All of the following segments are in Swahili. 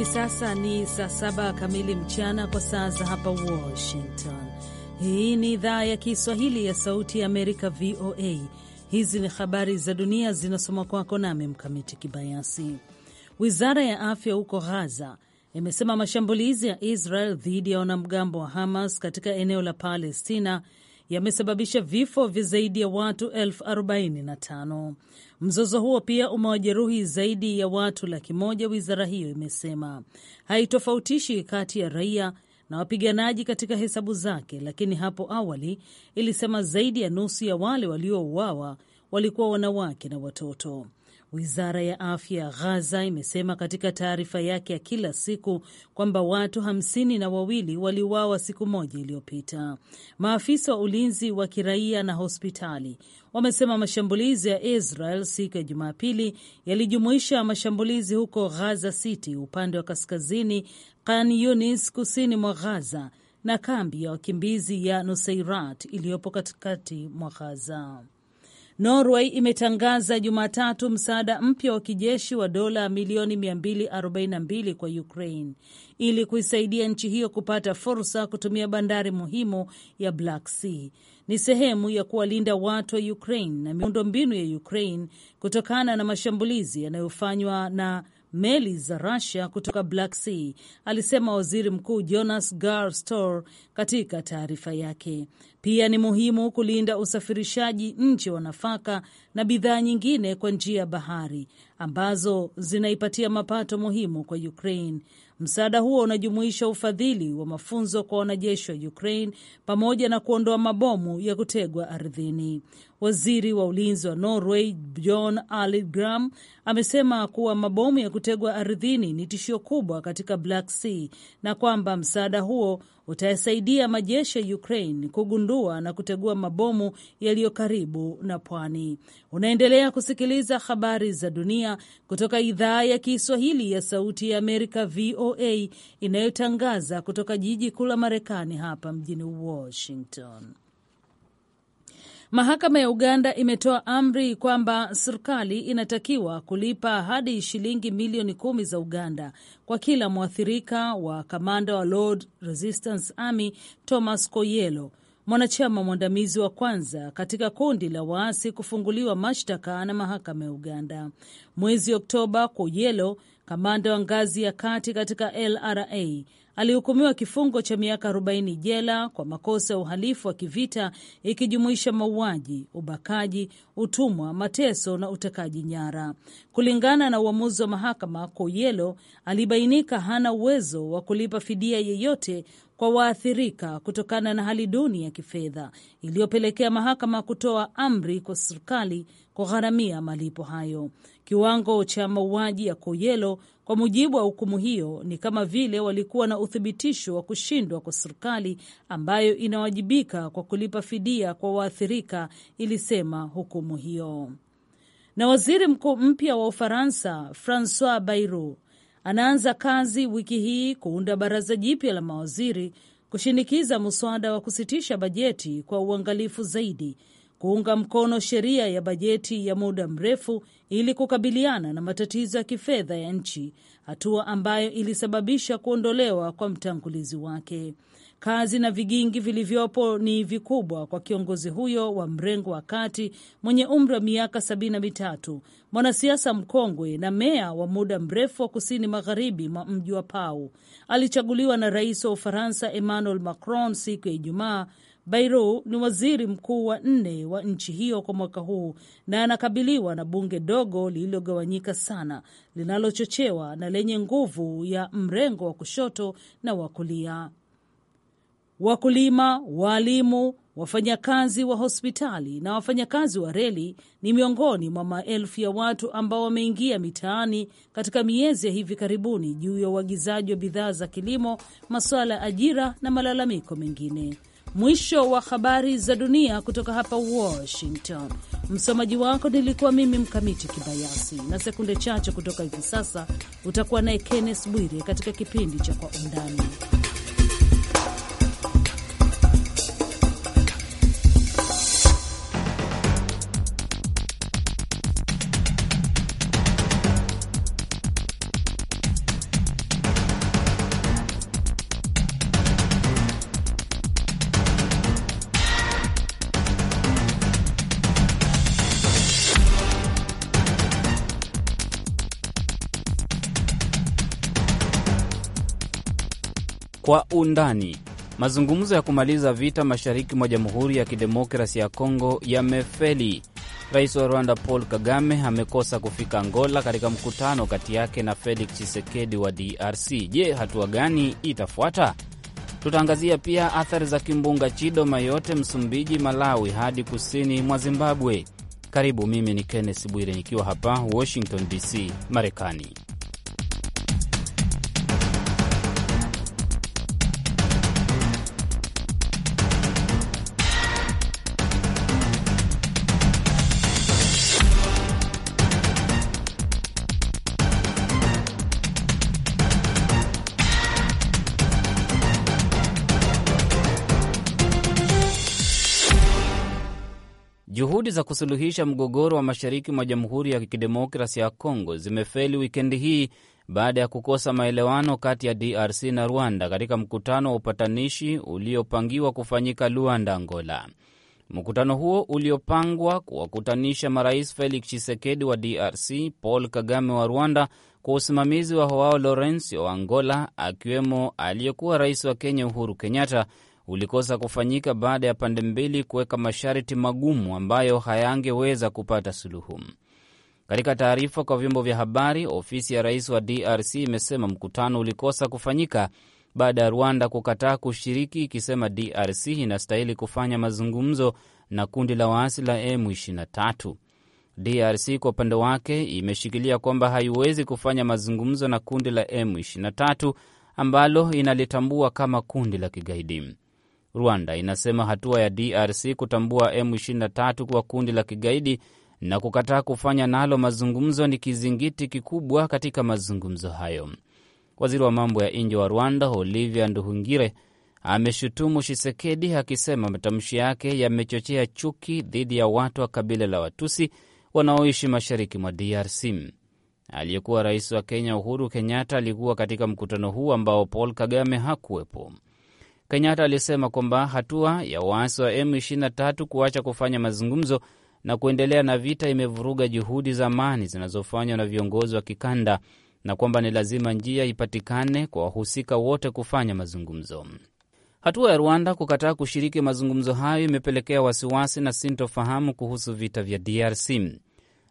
Hivi sasa ni saa saba kamili mchana kwa saa za hapa Washington. Hii ni idhaa ya Kiswahili ya Sauti ya Amerika, VOA. Hizi ni habari za dunia zinasoma kwako nami Mkamiti Kibayasi. Wizara ya afya huko Ghaza imesema mashambulizi ya Israel dhidi ya wanamgambo wa Hamas katika eneo la Palestina yamesababisha vifo vya zaidi ya watu elfu 45. Mzozo huo pia umewajeruhi zaidi ya watu laki moja. Wizara hiyo imesema haitofautishi kati ya raia na wapiganaji katika hesabu zake, lakini hapo awali ilisema zaidi ya nusu ya wale waliouawa walikuwa wanawake na watoto. Wizara ya afya ya ghaza imesema katika taarifa yake ya kila siku kwamba watu hamsini na wawili waliuawa siku moja iliyopita. Maafisa wa ulinzi wa kiraia na hospitali wamesema mashambulizi ya Israel siku ya Jumapili yalijumuisha mashambulizi huko ghaza City upande wa kaskazini, Khan Yunis kusini mwa ghaza na kambi ya wakimbizi ya Nuseirat iliyopo katikati mwa ghaza Norway imetangaza Jumatatu msaada mpya wa kijeshi wa dola milioni 242 kwa Ukraine ili kuisaidia nchi hiyo kupata fursa kutumia bandari muhimu ya Black Sea. Ni sehemu ya kuwalinda watu wa Ukraine na miundo mbinu ya Ukraine kutokana na mashambulizi yanayofanywa na meli za Russia kutoka Black Sea, alisema Waziri Mkuu Jonas Gahr Store katika taarifa yake. Pia ni muhimu kulinda usafirishaji nje wa nafaka na bidhaa nyingine kwa njia ya bahari ambazo zinaipatia mapato muhimu kwa Ukraine. Msaada huo unajumuisha ufadhili wa mafunzo kwa wanajeshi wa Ukraine pamoja na kuondoa mabomu ya kutegwa ardhini. Waziri wa ulinzi wa Norway john Aligram amesema kuwa mabomu ya kutegwa ardhini ni tishio kubwa katika Black Sea na kwamba msaada huo utayasaidia majeshi ya Ukraine kugundua na kutegua mabomu yaliyo karibu na pwani. Unaendelea kusikiliza habari za dunia kutoka idhaa ya Kiswahili ya Sauti ya Amerika, VOA, inayotangaza kutoka jiji kuu la Marekani, hapa mjini Washington. Mahakama ya Uganda imetoa amri kwamba serikali inatakiwa kulipa hadi shilingi milioni kumi za Uganda kwa kila mwathirika wa kamanda wa Lord Resistance Army Thomas Koyelo, mwanachama mwandamizi wa kwanza katika kundi la waasi kufunguliwa mashtaka na mahakama ya Uganda. Mwezi Oktoba, Koyelo kamanda wa ngazi ya kati katika LRA alihukumiwa kifungo cha miaka 40 jela kwa makosa ya uhalifu wa kivita ikijumuisha mauaji, ubakaji, utumwa, mateso na utekaji nyara. Kulingana na uamuzi wa mahakama, Koyelo alibainika hana uwezo wa kulipa fidia yeyote kwa waathirika kutokana na hali duni ya kifedha iliyopelekea mahakama kutoa amri kwa serikali kugharamia malipo hayo. Kiwango cha mauaji ya Koyelo kwa mujibu wa hukumu hiyo ni kama vile walikuwa na uthibitisho wa kushindwa kwa serikali ambayo inawajibika kwa kulipa fidia kwa waathirika, ilisema hukumu hiyo. Na waziri mkuu mpya wa Ufaransa Francois Bayrou anaanza kazi wiki hii kuunda baraza jipya la mawaziri kushinikiza mswada wa kusitisha bajeti kwa uangalifu zaidi kuunga mkono sheria ya bajeti ya muda mrefu ili kukabiliana na matatizo ya kifedha ya nchi, hatua ambayo ilisababisha kuondolewa kwa mtangulizi wake. Kazi na vigingi vilivyopo ni vikubwa kwa kiongozi huyo wa mrengo wa kati mwenye umri wa miaka sabini na mitatu, mwanasiasa mkongwe na meya wa muda mrefu wa kusini magharibi mwa mji wa Pau. Alichaguliwa na rais wa Ufaransa Emmanuel Macron siku ya Ijumaa Bayrou ni waziri mkuu wa nne wa nchi hiyo kwa mwaka huu na anakabiliwa na bunge dogo lililogawanyika sana linalochochewa na lenye nguvu ya mrengo wa kushoto na wa kulia. Wakulima, waalimu, wafanyakazi wa hospitali na wafanyakazi wa reli ni miongoni mwa maelfu ya watu ambao wameingia mitaani katika miezi ya hivi karibuni juu ya uagizaji wa bidhaa za kilimo, masuala ya ajira na malalamiko mengine. Mwisho wa habari za dunia kutoka hapa Washington. Msomaji wako nilikuwa mimi Mkamiti Kibayasi, na sekunde chache kutoka hivi sasa utakuwa naye Kenneth Bwire katika kipindi cha Kwa Undani. Kwa undani mazungumzo ya kumaliza vita mashariki mwa Jamhuri ya Kidemokrasi ya Kongo yamefeli. Rais wa Rwanda Paul Kagame amekosa kufika Angola katika mkutano kati yake na Felix Tshisekedi wa DRC. Je, hatua gani itafuata? Tutaangazia pia athari za kimbunga Chido Mayote, Msumbiji, Malawi hadi kusini mwa Zimbabwe. Karibu, mimi ni Kenneth Bwire nikiwa hapa Washington DC, Marekani. za kusuluhisha mgogoro wa mashariki mwa Jamhuri ya Kidemokrasi ya Kongo zimefeli wikendi hii baada ya kukosa maelewano kati ya DRC na Rwanda katika mkutano wa upatanishi uliopangiwa kufanyika Luanda, Angola. Mkutano huo uliopangwa kuwakutanisha marais Felix Tshisekedi wa DRC, Paul Kagame wa Rwanda kwa usimamizi wa Joao Lorencio wa Angola, akiwemo aliyekuwa rais wa Kenya Uhuru Kenyatta ulikosa kufanyika baada ya pande mbili kuweka masharti magumu ambayo hayangeweza kupata suluhu. Katika taarifa kwa vyombo vya habari, ofisi ya rais wa DRC imesema mkutano ulikosa kufanyika baada ya Rwanda kukataa kushiriki, ikisema DRC inastahili kufanya mazungumzo na kundi la waasi la M23. DRC kwa upande wake imeshikilia kwamba haiwezi kufanya mazungumzo na kundi la M23 ambalo inalitambua kama kundi la kigaidi. Rwanda inasema hatua ya DRC kutambua M23 kuwa kundi la kigaidi na kukataa kufanya nalo mazungumzo ni kizingiti kikubwa katika mazungumzo hayo. Waziri wa mambo ya nje wa Rwanda Olivia Nduhungire ameshutumu Shisekedi akisema matamshi yake yamechochea chuki dhidi ya watu wa kabila la Watusi wanaoishi mashariki mwa DRC. Aliyekuwa rais wa Kenya Uhuru Kenyatta alikuwa katika mkutano huu ambao Paul Kagame hakuwepo. Kenyatta alisema kwamba hatua ya waasi wa M23 kuacha kufanya mazungumzo na kuendelea na vita imevuruga juhudi za amani zinazofanywa na viongozi wa kikanda na kwamba ni lazima njia ipatikane kwa wahusika wote kufanya mazungumzo. Hatua ya Rwanda kukataa kushiriki mazungumzo hayo imepelekea wasiwasi na sintofahamu kuhusu vita vya DRC.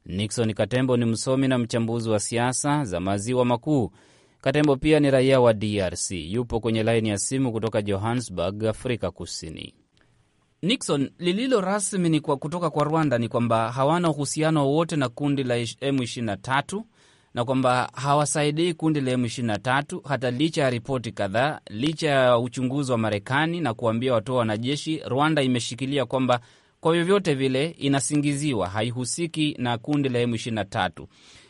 Nixon Katembo ni msomi na mchambuzi wa siasa za maziwa makuu. Katembo pia ni raia wa DRC, yupo kwenye laini ya simu kutoka Johannesburg, Afrika Kusini. Nixon, lililo rasmi ni kwa kutoka kwa Rwanda ni kwamba hawana uhusiano wowote na kundi la M23 na kwamba hawasaidii kundi la M23 hata licha ya ripoti kadhaa, licha ya uchunguzi wa Marekani na kuambia watoa wanajeshi. Rwanda imeshikilia kwamba kwa vyovyote vile inasingiziwa, haihusiki na kundi la M23.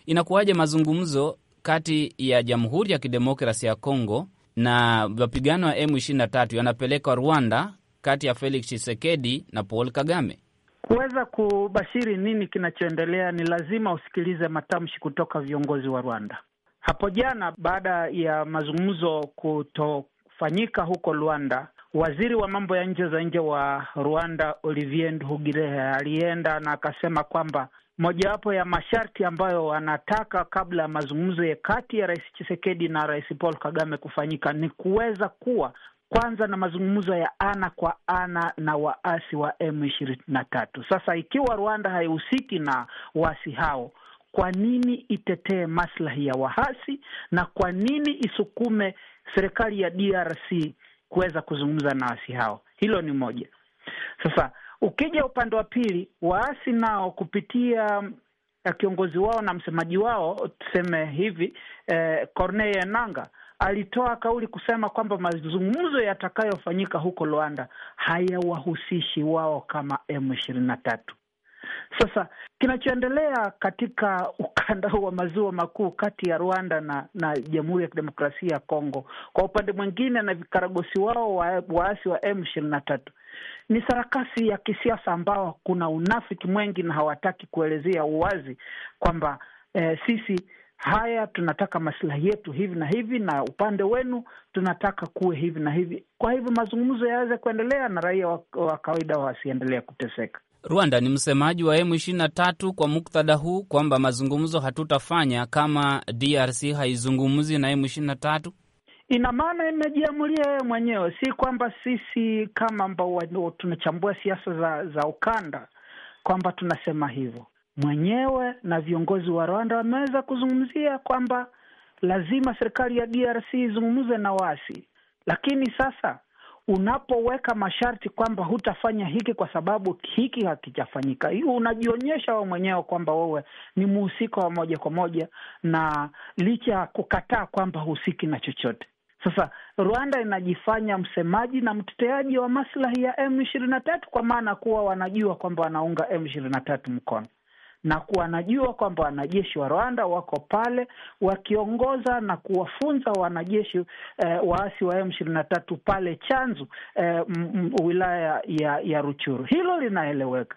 Inakuwaje mazungumzo kati ya Jamhuri ya kidemokrasi ya Kongo na mapigano ya M23 yanapelekwa Rwanda kati ya Felix chisekedi na Paul Kagame? Kuweza kubashiri nini kinachoendelea, ni lazima usikilize matamshi kutoka viongozi wa Rwanda. Hapo jana, baada ya mazungumzo kutofanyika huko Rwanda, waziri wa mambo ya nje za nje wa Rwanda Olivier Nduhungirehe alienda na akasema kwamba mojawapo ya masharti ambayo wanataka kabla ya mazungumzo ya kati ya Rais chisekedi na Rais Paul Kagame kufanyika ni kuweza kuwa kwanza na mazungumzo ya ana kwa ana na waasi wa m ishirini na tatu Sasa ikiwa Rwanda haihusiki na waasi hao, kwa nini itetee maslahi ya waasi na kwa nini isukume serikali ya DRC kuweza kuzungumza na waasi hao? Hilo ni moja. Sasa Ukija upande wa pili, waasi nao kupitia eh, kiongozi wao na msemaji wao tuseme hivi eh, Corneille alitoa kauli kusema kwamba mazungumzo yatakayofanyika huko Rwanda hayawahusishi wao kama M ishirini na tatu. Sasa kinachoendelea katika ukanda huu wa maziwa makuu kati ya Rwanda na na Jamhuri ya Kidemokrasia ya Kongo kwa upande mwingine na vikaragosi wao waasi wa, wa M ishirini na tatu ni sarakasi ya kisiasa ambao kuna unafiki mwengi na hawataki kuelezea uwazi kwamba eh, sisi haya tunataka masilahi yetu hivi na hivi, na upande wenu tunataka kuwe hivi na hivi. Kwa hivyo mazungumzo yaweze kuendelea na raia wa, wa kawaida wasiendelea kuteseka. Rwanda ni msemaji wa M ishirini na tatu kwa muktadha huu kwamba mazungumzo hatutafanya kama DRC haizungumzi na M ishirini na tatu ina maana imejiamulia yeye mwenyewe, si kwamba sisi kama ambao tunachambua siasa za, za ukanda kwamba tunasema hivyo mwenyewe. Na viongozi wa Rwanda wameweza kuzungumzia kwamba lazima serikali ya DRC izungumze na waasi, lakini sasa unapoweka masharti kwamba hutafanya hiki kwa sababu hiki hakijafanyika, hiyo unajionyesha wewe mwenyewe kwamba wewe ni mhusika wa moja kwa moja, na licha ya kukataa kwamba husiki na chochote. Sasa Rwanda inajifanya msemaji na mteteaji wa maslahi ya M ishirini na tatu kwa maana kuwa wanajua kwamba wanaunga M ishirini na tatu mkono na kuwa wanajua kwamba wanajeshi wa Rwanda wako pale wakiongoza na kuwafunza wanajeshi eh, waasi wa M ishirini na tatu pale Chanzu eh, wilaya ya, ya Ruchuru. Hilo linaeleweka,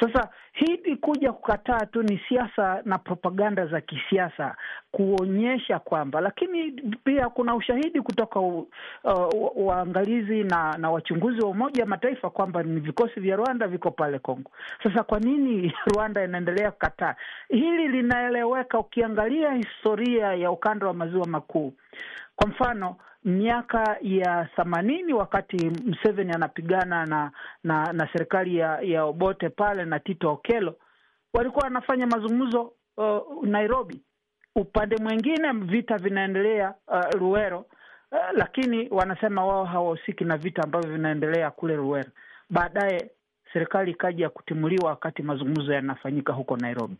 sasa hili kuja kukataa tu ni siasa na propaganda za kisiasa kuonyesha kwamba, lakini pia kuna ushahidi kutoka uh, waangalizi na na wachunguzi wa Umoja wa Mataifa kwamba ni vikosi vya Rwanda viko pale Kongo. Sasa kwa nini Rwanda inaendelea kukataa hili? Linaeleweka ukiangalia historia ya ukanda wa maziwa makuu, kwa mfano miaka ya themanini wakati mseveni anapigana na na, na serikali ya, ya Obote pale na Tito okelo walikuwa wanafanya mazungumzo uh, Nairobi. Upande mwingine vita vinaendelea uh, Luero uh, lakini wanasema wao hawahusiki na vita ambavyo vinaendelea kule Luero. Baadaye serikali ikaja kutimuliwa wakati mazungumzo yanafanyika huko Nairobi.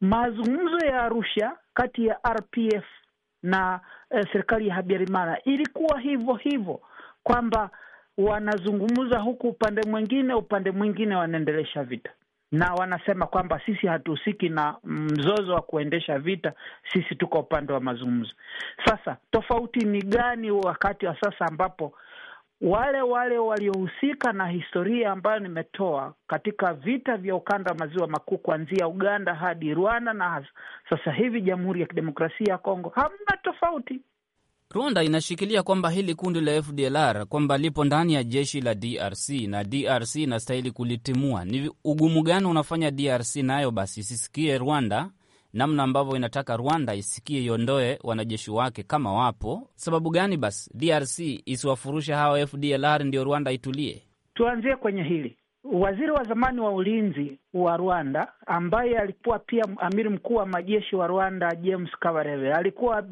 Mazungumzo ya Arusha kati ya RPF na eh, serikali ya Habyarimana ilikuwa hivyo hivyo kwamba wanazungumza huku upande mwingine, upande mwingine wanaendelesha vita na wanasema kwamba sisi hatuhusiki na mzozo wa kuendesha vita, sisi tuko upande wa mazungumzo. Sasa tofauti ni gani wakati wa sasa ambapo wale wale waliohusika na historia ambayo nimetoa katika vita vya ukanda wa maziwa makuu kuanzia Uganda hadi Rwanda na sasa hivi Jamhuri ya Kidemokrasia ya Kongo, hamna tofauti. Rwanda inashikilia kwamba hili kundi la FDLR kwamba lipo ndani ya jeshi la DRC na DRC inastahili kulitimua. Ni ugumu gani unafanya DRC nayo basi sisikie Rwanda namna ambavyo inataka Rwanda isikie iondoe wanajeshi wake kama wapo. Sababu gani basi DRC isiwafurushe hawa FDLR ndio Rwanda itulie? Tuanzie kwenye hili. Waziri wa zamani wa ulinzi wa Rwanda ambaye alikuwa pia amiri mkuu wa majeshi wa Rwanda, James Kabarebe, alikuwa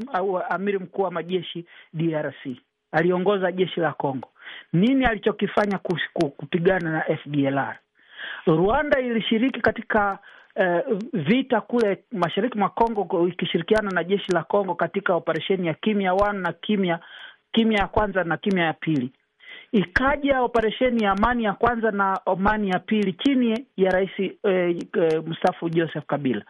amiri mkuu wa majeshi DRC, aliongoza jeshi la congo Nini alichokifanya kupigana na FDLR? Rwanda ilishiriki katika uh, vita kule mashariki mwa Kongo ikishirikiana na jeshi la Kongo katika operesheni ya Kimya One na Kimya Kimya ya kwanza na Kimya ya pili. Ikaja operesheni ya amani ya kwanza na amani ya pili chini ya rais eh, eh, mstaafu Joseph Kabila.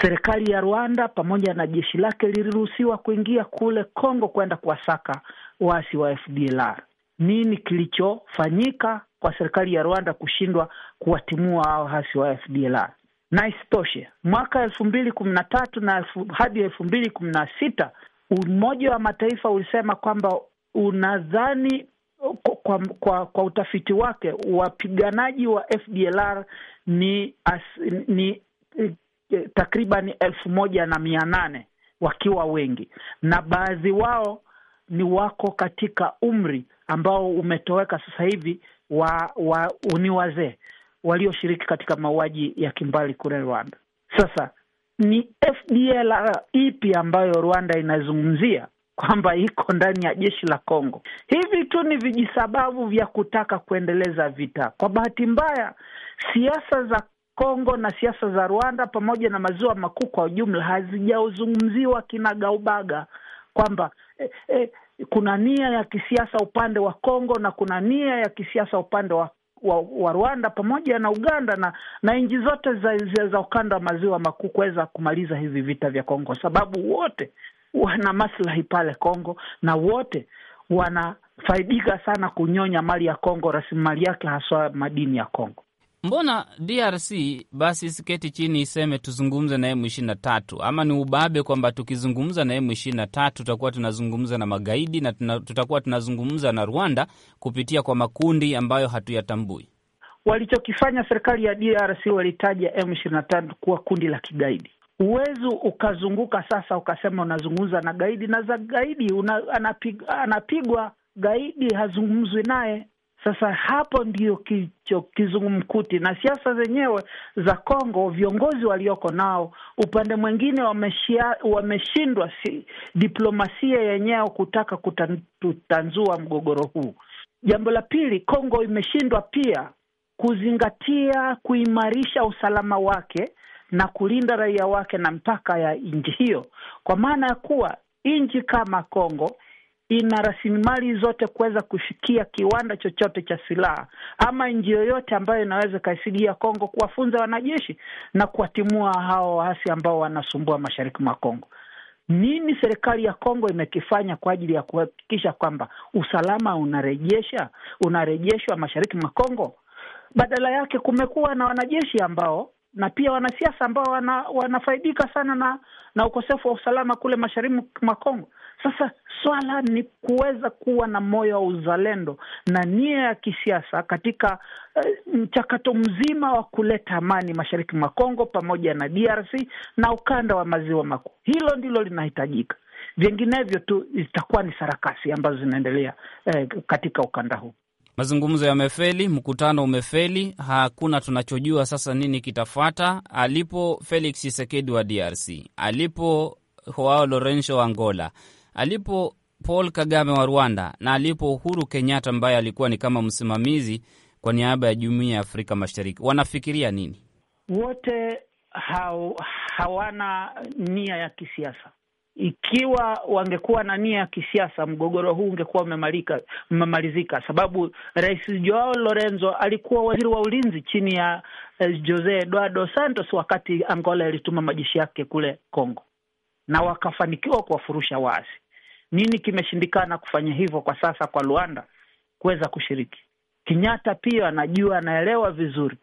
Serikali ya Rwanda pamoja na jeshi lake liliruhusiwa kuingia kule Kongo kwenda kuwasaka waasi wa FDLR. Nini kilichofanyika kwa serikali ya Rwanda kushindwa kuwatimua hao waasi wa FDLR? Na isitoshe mwaka elfu mbili kumi na tatu na hadi elfu mbili kumi na sita Umoja wa Mataifa ulisema kwamba unadhani kwa, kwa, kwa utafiti wake wapiganaji wa FDLR ni, as, ni eh, takriban elfu moja na mia nane wakiwa wengi, na baadhi wao ni wako katika umri ambao umetoweka sasa hivi wa, wa, ni wazee walioshiriki katika mauaji ya kimbali kule Rwanda. Sasa ni FDLR ipi ambayo Rwanda inazungumzia kwamba iko ndani ya jeshi la Kongo? Hivi tu ni vijisababu vya kutaka kuendeleza vita. Kwa bahati mbaya, siasa za Kongo na siasa za Rwanda pamoja na maziwa makuu kwa ujumla hazijazungumziwa kinagaubaga kwamba eh, eh, kuna nia ya kisiasa upande wa Kongo na kuna nia ya kisiasa upande wa wa, wa Rwanda pamoja na Uganda na, na nchi zote za, za, za ukanda wa maziwa makuu kuweza kumaliza hivi vita vya Kongo, sababu wote wana maslahi pale Kongo na wote wanafaidika sana kunyonya mali ya Kongo, rasilimali yake, haswa madini ya Kongo. Mbona DRC basi siketi chini iseme tuzungumze na M23? Ama ni ubabe kwamba tukizungumza na M23 tutakuwa tunazungumza na magaidi na tuna, tutakuwa tunazungumza na Rwanda kupitia kwa makundi ambayo hatuyatambui? Walichokifanya serikali ya DRC walitaja M23 kuwa kundi la kigaidi. Huwezi ukazunguka sasa ukasema unazungumza na gaidi na za gaidi anapigwa gaidi hazungumzwi naye sasa hapo ndio kicho kizungumkuti, na siasa zenyewe za Kongo, viongozi walioko nao upande mwingine wameshindwa, si diplomasia yenyewe kutaka kutanzua mgogoro huu. Jambo la pili, Kongo imeshindwa pia kuzingatia kuimarisha usalama wake na kulinda raia wake na mpaka ya nchi hiyo, kwa maana ya kuwa nchi kama Kongo ina rasilimali zote kuweza kushikia kiwanda chochote cha silaha ama nji yoyote ambayo inaweza ikaisaidia Kongo kuwafunza wanajeshi na kuwatimua hao waasi ambao wanasumbua mashariki mwa Kongo. Nini serikali ya Kongo imekifanya kwa ajili ya kuhakikisha kwamba usalama unarejesha unarejeshwa mashariki mwa Kongo? Badala yake kumekuwa na wanajeshi ambao na pia wanasiasa ambao wana, wanafaidika sana na na ukosefu wa usalama kule mashariki mwa Kongo. Sasa swala ni kuweza kuwa na moyo wa uzalendo na nia ya kisiasa katika uh, mchakato mzima wa kuleta amani mashariki mwa Kongo pamoja na DRC na ukanda wa maziwa makuu. Hilo ndilo linahitajika, vinginevyo tu zitakuwa ni sarakasi ambazo zinaendelea eh, katika ukanda huu. Mazungumzo yamefeli, mkutano umefeli, hakuna tunachojua sasa nini kitafuata. Alipo Felix chisekedi wa DRC, alipo Joao Lorenzo wa Angola, alipo Paul Kagame wa Rwanda na alipo Uhuru Kenyatta ambaye alikuwa ni kama msimamizi kwa niaba ya Jumuiya ya Afrika Mashariki, wanafikiria nini? Wote hao hawana nia ya kisiasa. Ikiwa wangekuwa na nia ya kisiasa, mgogoro huu ungekuwa umemalizika, sababu Rais Joao Lorenzo alikuwa waziri wa ulinzi chini ya eh, Jose Eduardo Santos wakati Angola ilituma majeshi yake kule Congo na wakafanikiwa kuwafurusha waasi. Nini kimeshindikana kufanya hivyo kwa sasa kwa Luanda kuweza kushiriki? Kenyatta pia anajua, anaelewa vizuri.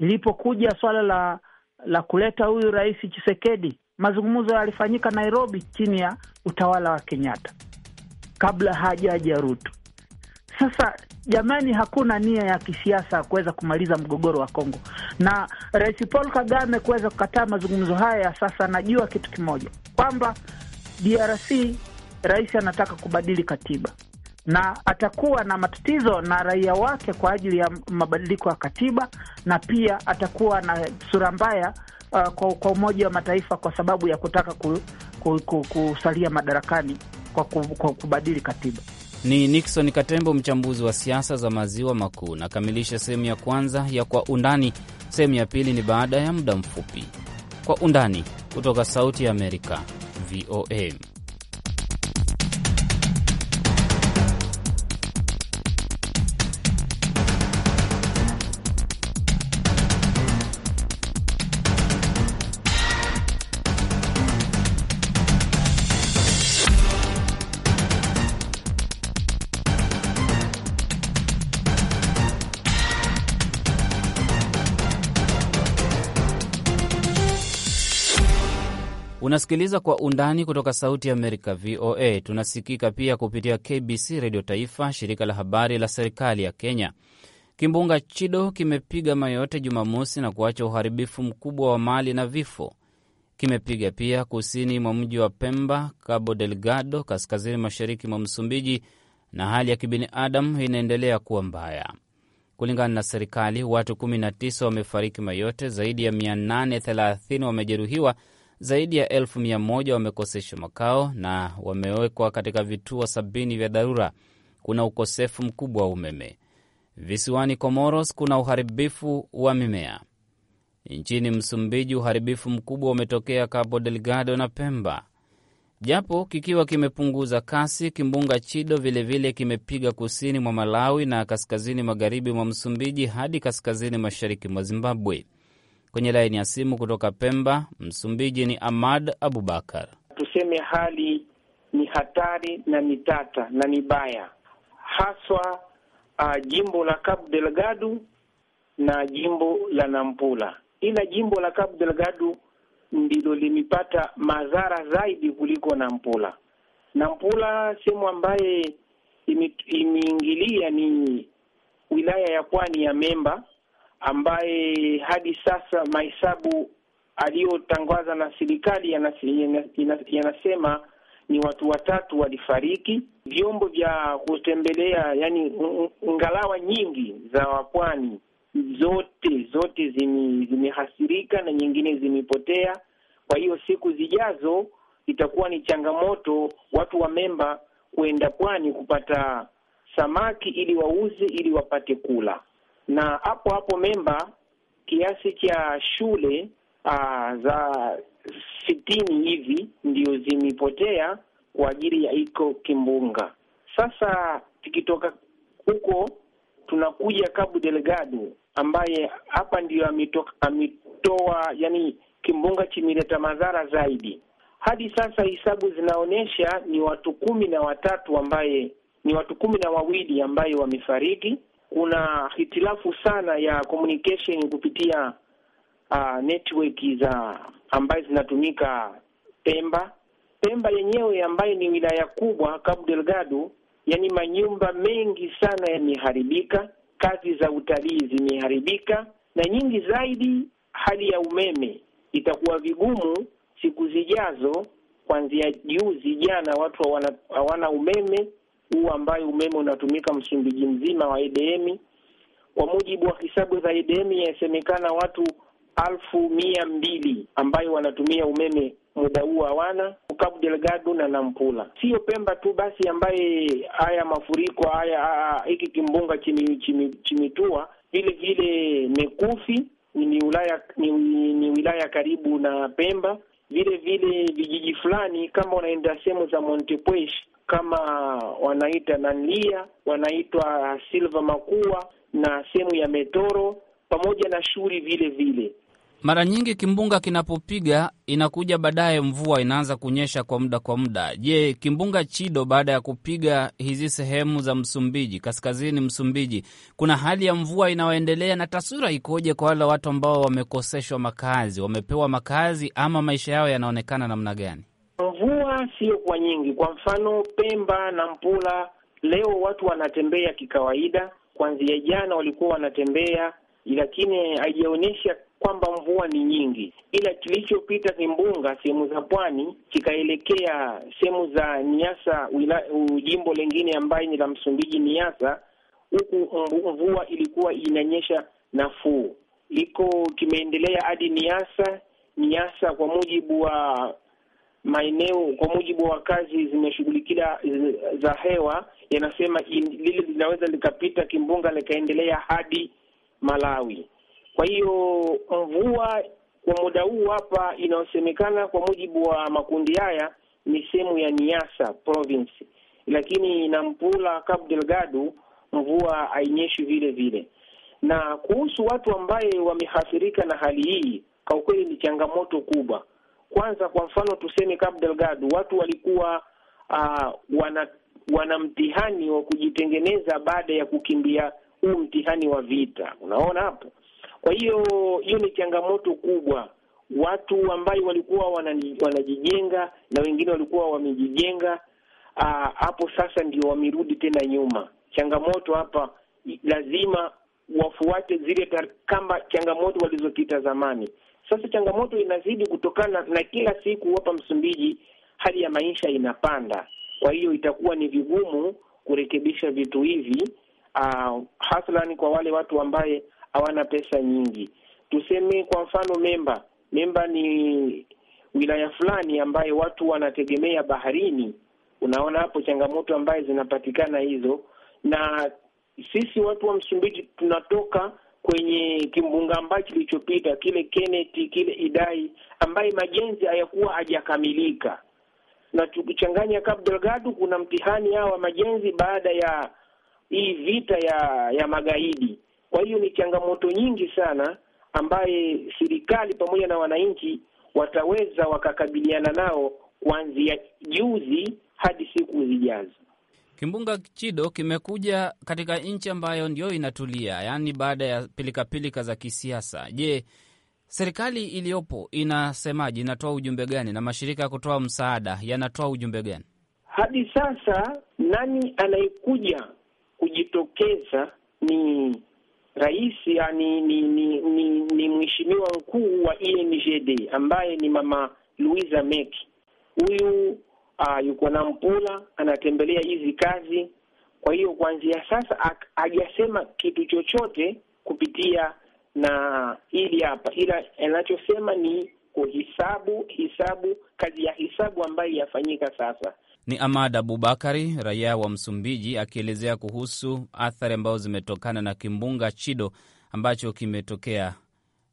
Ilipokuja swala la la kuleta huyu Rais Chisekedi Mazungumzo yalifanyika Nairobi chini ya utawala wa Kenyatta kabla hajaja Ruto. Sasa jamani, hakuna nia ya kisiasa kuweza kumaliza mgogoro wa Kongo, na Rais Paul Kagame kuweza kukataa mazungumzo haya ya sasa. Anajua kitu kimoja kwamba DRC rais anataka kubadili katiba na atakuwa na matatizo na raia wake kwa ajili ya mabadiliko ya katiba, na pia atakuwa na sura mbaya uh, kwa, kwa Umoja wa Mataifa kwa sababu ya kutaka ku, ku, ku, kusalia madarakani kwa, ku, kwa kubadili katiba. Ni Nixon Katembo, mchambuzi wa siasa za maziwa makuu, nakamilisha sehemu ya kwanza ya Kwa Undani. Sehemu ya pili ni baada ya muda mfupi. Kwa Undani kutoka Sauti ya Amerika, VOA. Unasikiliza Kwa Undani kutoka Sauti ya Amerika, VOA. Tunasikika pia kupitia KBC Redio Taifa, shirika la habari la serikali ya Kenya. Kimbunga Chido kimepiga Mayote Jumamosi na kuacha uharibifu mkubwa wa mali na vifo. Kimepiga pia kusini mwa mji wa Pemba, Cabo Delgado, kaskazini mashariki mwa Msumbiji, na hali ya kibinadamu inaendelea kuwa mbaya. Kulingana na serikali, watu 19 wamefariki Mayote, zaidi ya 830 wamejeruhiwa zaidi ya elfu mia moja wamekoseshwa makao na wamewekwa katika vituo sabini vya dharura. Kuna ukosefu mkubwa wa umeme visiwani comoros Kuna uharibifu wa mimea nchini Msumbiji. Uharibifu mkubwa umetokea Cabo Delgado na Pemba. Japo kikiwa kimepunguza kasi, kimbunga Chido vilevile kimepiga kusini mwa Malawi na kaskazini magharibi mwa Msumbiji hadi kaskazini mashariki mwa Zimbabwe. Kwenye laini ya simu kutoka Pemba, Msumbiji, ni Ahmad Abubakar. Tuseme hali ni hatari na ni tata na ni baya haswa, uh, jimbo la Cabo Delgado na jimbo la Nampula, ila jimbo la Cabo Delgado ndilo limepata madhara zaidi kuliko Nampula. Nampula sehemu ambaye imeingilia ni wilaya ya pwani ya Memba ambaye hadi sasa mahesabu aliyotangaza na serikali yanasema ni watu watatu walifariki. Vyombo vya kutembelea yani ngalawa nyingi za wapwani zote zote zimehasirika na nyingine zimepotea. Kwa hiyo siku zijazo itakuwa ni changamoto watu wa Memba kuenda pwani kupata samaki ili wauze ili wapate kula na hapo hapo memba kiasi cha shule aa, ah, za sitini hivi ndio zimepotea kwa ajili ya iko kimbunga. Sasa tukitoka huko tunakuja kabu delegado ambaye hapa ndio ametoa, yani kimbunga chimeleta madhara zaidi. Hadi sasa hisabu zinaonyesha ni watu kumi na watatu ambaye ni watu kumi na wawili ambaye wamefariki kuna hitilafu sana ya communication kupitia uh, network za ambazo zinatumika Pemba. Pemba yenyewe ambayo ni wilaya kubwa, Cabo Delgado, yani manyumba mengi sana yameharibika, kazi za utalii zimeharibika, na nyingi zaidi, hali ya umeme itakuwa vigumu siku zijazo. Kuanzia juzi jana, watu hawana umeme huu ambayo umeme unatumika Msumbiji mzima wa EDM. Kwa mujibu wa hisabu za EDM, yasemekana watu alfu mia mbili ambayo wanatumia umeme muda huu hawana Cabo Delgado na Nampula. Sio Pemba tu basi ambaye haya mafuriko haya hiki kimbunga chimi, chimi, chimitua vile vile Mekufi ni wilaya ni, ni wilaya karibu na Pemba, vile vile vijiji fulani kama unaenda sehemu za Montepuez kama wanaita Nanlia, wanaitwa Silva Makua na sehemu ya Metoro pamoja na Shuri vile vile. Mara nyingi kimbunga kinapopiga inakuja baadaye, mvua inaanza kunyesha kwa muda kwa muda. Je, kimbunga Chido baada ya kupiga hizi sehemu za Msumbiji, kaskazini Msumbiji, kuna hali ya mvua inayoendelea na taswira ikoje kwa wale watu ambao wamekoseshwa makazi, wamepewa makazi ama maisha yao yanaonekana namna gani? sio kwa nyingi. Kwa mfano, Pemba na Mpula leo watu wanatembea kikawaida, kuanzia jana walikuwa wanatembea, lakini haijaonyesha kwamba mvua ni nyingi, ila kilichopita kimbunga sehemu za pwani kikaelekea sehemu za Niasa, jimbo lengine ambaye ni la Msumbiji, Niasa, huku mvua ilikuwa inanyesha nafuu, iko kimeendelea hadi Niasa. Niasa kwa mujibu wa maeneo kwa mujibu wa kazi zimeshughulikia eh, za hewa yanasema lile linaweza likapita kimbunga likaendelea hadi Malawi. Kwa hiyo mvua kwa muda huu hapa inayosemekana kwa mujibu wa makundi haya ni sehemu ya niasa province, lakini Nampula, Cabo Delgado mvua hainyeshi vile vile. Na kuhusu watu ambaye wamehasirika na hali hii, kwa ukweli ni changamoto kubwa kwanza kwa mfano tuseme Kabdal Gadu, watu walikuwa uh, wana wana mtihani wa kujitengeneza baada ya kukimbia huu mtihani wa vita, unaona hapo. Kwa hiyo hiyo ni changamoto kubwa, watu ambayo walikuwa wanajijenga na wengine walikuwa wamejijenga uh, hapo, sasa ndio wamerudi tena nyuma. Changamoto hapa lazima wafuate zile kama changamoto walizokita zamani. Sasa changamoto inazidi kutokana na kila siku hapa Msumbiji hali ya maisha inapanda, kwa hiyo itakuwa ni vigumu kurekebisha vitu hivi, uh, ah, haslani kwa wale watu ambaye hawana pesa nyingi. Tuseme kwa mfano Memba. Memba ni wilaya fulani ambaye watu wanategemea baharini. Unaona hapo changamoto ambaye zinapatikana hizo, na sisi watu wa Msumbiji tunatoka kwenye kimbunga ambacho kilichopita kile keneti kile Idai, ambaye majenzi hayakuwa hajakamilika, na tukichanganya Cabo Delgado, kuna mtihani hawa majenzi baada ya hii vita ya ya magaidi. Kwa hiyo ni changamoto nyingi sana ambaye serikali pamoja na wananchi wataweza wakakabiliana nao kuanzia juzi hadi siku zijazo. Kimbunga Chido kimekuja katika nchi ambayo ndio inatulia, yaani baada ya pilikapilika pilika za kisiasa. Je, serikali iliyopo inasemaje? Inatoa ujumbe gani? Na mashirika ya kutoa msaada yanatoa ujumbe gani? Hadi sasa nani anayekuja kujitokeza ni rais yani, ni ni, ni, ni mheshimiwa mkuu wa INGD e ambaye ni mama Luisa Meki. Huyu uh, yuko na mpula anatembelea hizi kazi. Kwa hiyo kuanzia sasa hajasema kitu chochote kupitia na ili hapa, ila anachosema ni kuhisabu hisabu, kazi ya hisabu ambayo yafanyika sasa. Ni amad Abubakari, raia wa Msumbiji, akielezea kuhusu athari ambazo zimetokana na kimbunga Chido ambacho kimetokea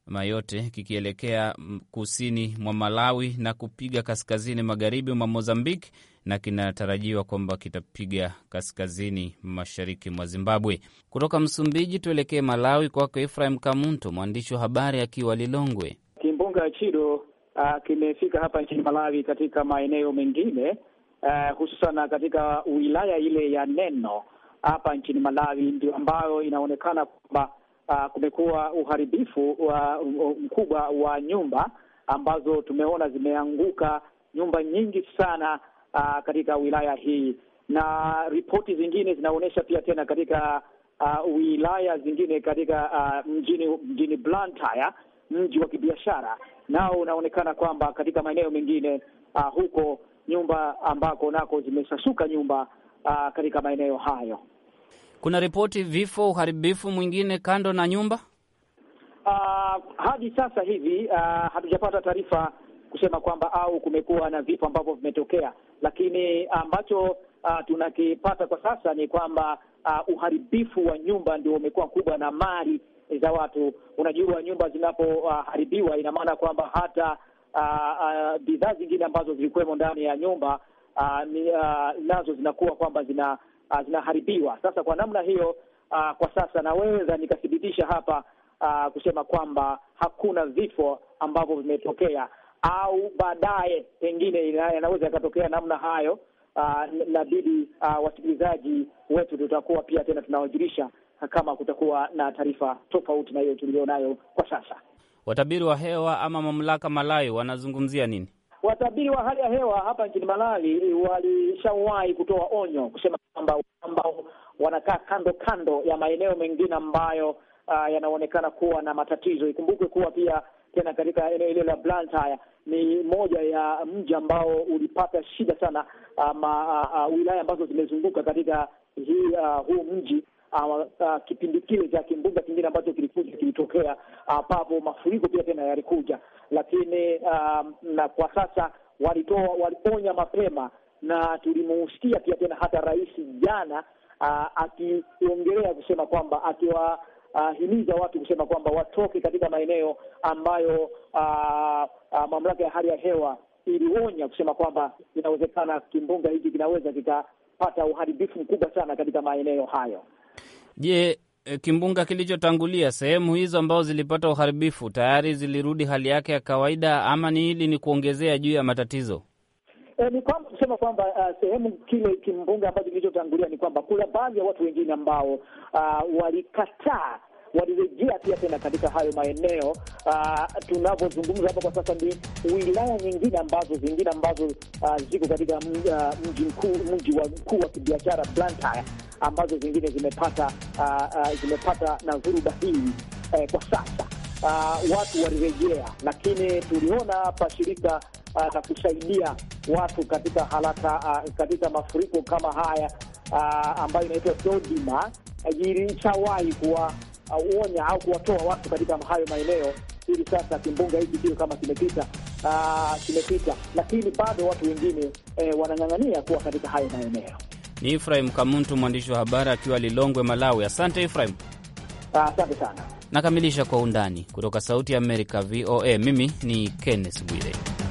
Mayote kikielekea kusini mwa Malawi na kupiga kaskazini magharibi mwa Mozambiki na kinatarajiwa kwamba kitapiga kaskazini mashariki mwa Zimbabwe. Kutoka Msumbiji tuelekee Malawi, kwako Efraim Kamunto, mwandishi wa habari akiwa Lilongwe. Kimbunga Chido uh, kimefika hapa nchini Malawi katika maeneo mengine uh, hususan katika wilaya ile ya Neno hapa nchini Malawi, ndio ambayo inaonekana kwamba uh, kumekuwa uharibifu wa, mkubwa wa nyumba ambazo tumeona zimeanguka nyumba nyingi sana uh, katika wilaya hii, na ripoti zingine zinaonyesha pia tena katika uh, wilaya zingine katika uh, mjini mjini Blantyre, mji wa kibiashara nao unaonekana kwamba katika maeneo mengine uh, huko nyumba ambako nako zimesasuka nyumba uh, katika maeneo hayo. Kuna ripoti vifo, uharibifu mwingine kando na nyumba? Uh, hadi sasa hivi uh, hatujapata taarifa kusema kwamba au kumekuwa na vifo ambavyo vimetokea, lakini ambacho uh, tunakipata kwa sasa ni kwamba uh, uharibifu wa nyumba ndio umekuwa kubwa na mali za watu. Unajua, nyumba zinapoharibiwa uh, ina maana kwamba hata uh, uh, bidhaa zingine ambazo zilikuwemo ndani ya nyumba uh, ni, uh, nazo zinakuwa kwamba zina uh, zinaharibiwa. Sasa kwa namna hiyo uh, kwa sasa naweza nikathibitisha hapa uh, kusema kwamba hakuna vifo ambavyo vimetokea au baadaye pengine yanaweza yakatokea namna hayo. Uh, nabidi uh, wasikilizaji wetu tutakuwa pia tena tunawajulisha kama kutakuwa na taarifa tofauti na hiyo tulionayo kwa sasa. Watabiri wa hewa ama mamlaka Malawi wanazungumzia nini? Watabiri wa hali ya hewa hapa nchini Malawi walishawahi kutoa onyo kusema kwamba ambao wanakaa kando kando ya maeneo mengine ambayo uh, yanaonekana kuwa na matatizo. Ikumbukwe kuwa pia tena katika eneo hilo la Blantyre ni moja ya mji ambao ulipata shida sana ama, uh, uh, wilaya ambazo zimezunguka katika hii uh, huu mji uh, uh, kipindi kile cha kimbunga kingine ambacho kilikuja kilitokea ambapo ah, uh, mafuriko pia tena yalikuja, lakini uh, na kwa sasa walitoa waliponya mapema, na tulimuhusikia pia tena hata rais jana uh, akiongelea kusema kwamba akiwa Uh, himiza watu kusema kwamba watoke katika maeneo ambayo uh, uh, mamlaka ya hali ya hewa ilionya kusema kwamba inawezekana kimbunga hiki kinaweza kikapata uharibifu mkubwa sana katika maeneo hayo. Je, e, kimbunga kilichotangulia sehemu hizo ambazo zilipata uharibifu tayari zilirudi hali yake ya kawaida, ama ni hili ni kuongezea juu ya matatizo? E, ni kwamba kusema kwamba uh, sehemu kile kimbunga ambacho kilichotangulia ni kwamba kuna baadhi ya watu wengine ambao uh, walikataa walirejea pia tena katika hayo maeneo. Uh, tunavyozungumza hapa kwa sasa ni wilaya nyingine ambazo zingine ambazo uh, ziko katika uh, mji mkuu mji wa mkuu wa kibiashara Blantyre ambazo zingine zimepata uh, uh, zimepata na dhuruba hii uh, kwa sasa uh, watu walirejea, lakini tuliona hapa shirika uh, kusaidia watu katika haraka uh, katika mafuriko kama haya uh, ambayo inaitwa Dodima eh, ilichawahi kuwa uonya au kuwatoa watu katika hayo maeneo, ili sasa kimbunga hiki kio kama kimepita ah, kimepita, lakini bado watu wengine e, wanang'ang'ania kuwa katika hayo maeneo. Ni Ifrahim Kamuntu, mwandishi wa habari akiwa Lilongwe, Malawi. Asante Ifrahim, ah, asante sana. Nakamilisha kwa undani kutoka Sauti ya Amerika, VOA. Mimi ni Kenneth Bwire.